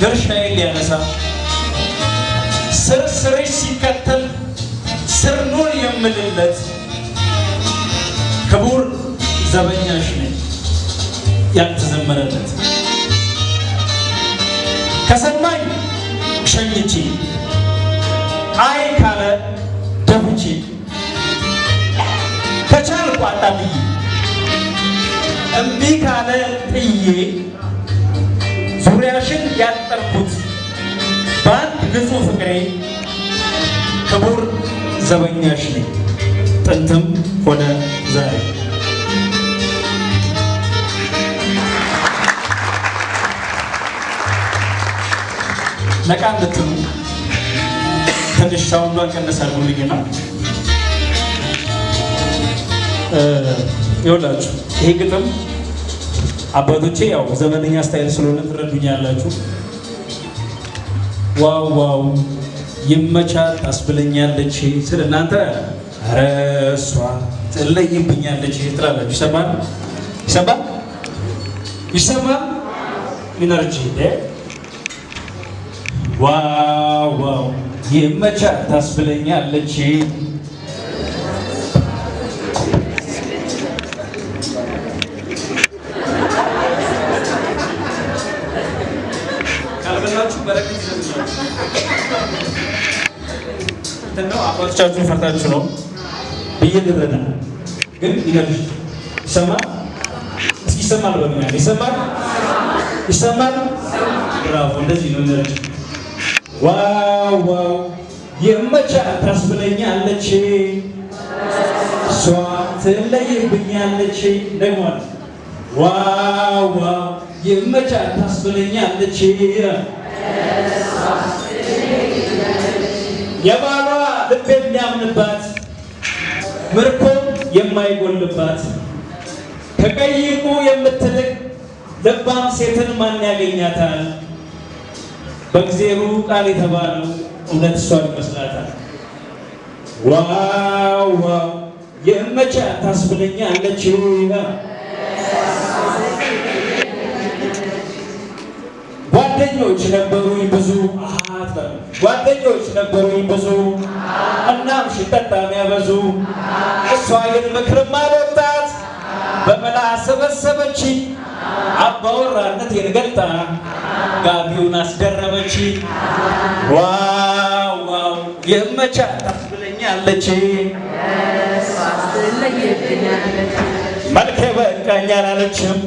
ድርሻዬን ሊያነሳ ስር ስርሽ ሲከተል ስር ኑር የምልለት ክቡር ዘበኛሽ ነኝ ያልተዘመረለት ከሰማኝ ሸኝቼ አይ ካለ ደፍቼ ከቻልኩ አጣጥዬ እምቢ ካለ ጥዬ ዙሪያ ያጠርኩት በአንድ ንጹሕ ፍቅሬ ክቡር ዘበኛሽ ነኝ ጥንትም ሆነ ዛሬ። ነቃ እንድትሉ ትንሽ ሳውንዷን ቀነስ አድርጉልኝና ይኸውላችሁ ይሄ ግጥም አባቶቼ ያው ዘመነኛ ስታይል ስለሆነ ትረዱኛላችሁ። ዋው ዋው ይመቻል ታስብለኛለች ስል እናንተ ኧረ እሷ ትለይብኛለች ትላላችሁ። ይሰማል ይሰማል ይሰማል ኢነርጂ ዋው ዋው ይመቻል ታስብለኛለች ከበላችሁ በረከት ነው። አባቶቻችሁን ፈርታችሁ ነው ብዬ ግን ይሰማል። ይሰማል ይሰማል ይሰማል። ብራቮ! እንደዚህ ነው ዋው ዋው የመቻ ታስብለኛለች እሷ ትለይብኛለች። ደግሞ ዋው ዋው ይመቻ ታስብለኛለች። የባሏ ልብ የሚያምንባት ምርኮም የማይጎልባት ከቀይ የምትልቅ ልባም ሴትን ማን ያገኛታል? በእግዚአብሔሩ ቃል የተባለው እውነት እሷን ይመስላታል። ዋው ዋው ይመቻ ታስብለኛለች። ልጆች ነበሩኝ ብዙ ጓደኞች ነበሩኝ ብዙ እናም ሽጠጣ የሚያበዙ እሷ ግን ምክርም አልወጣት በመላ ሰበሰበች አባወራነት የንገልጣ ጋቢውን አስደረበች። ዋው ዋው የመቻ ታስብለኛለች መልኬ በቃኛል አለችም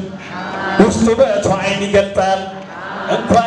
ውስጡ በቷ አይን ይገልጣል እንኳን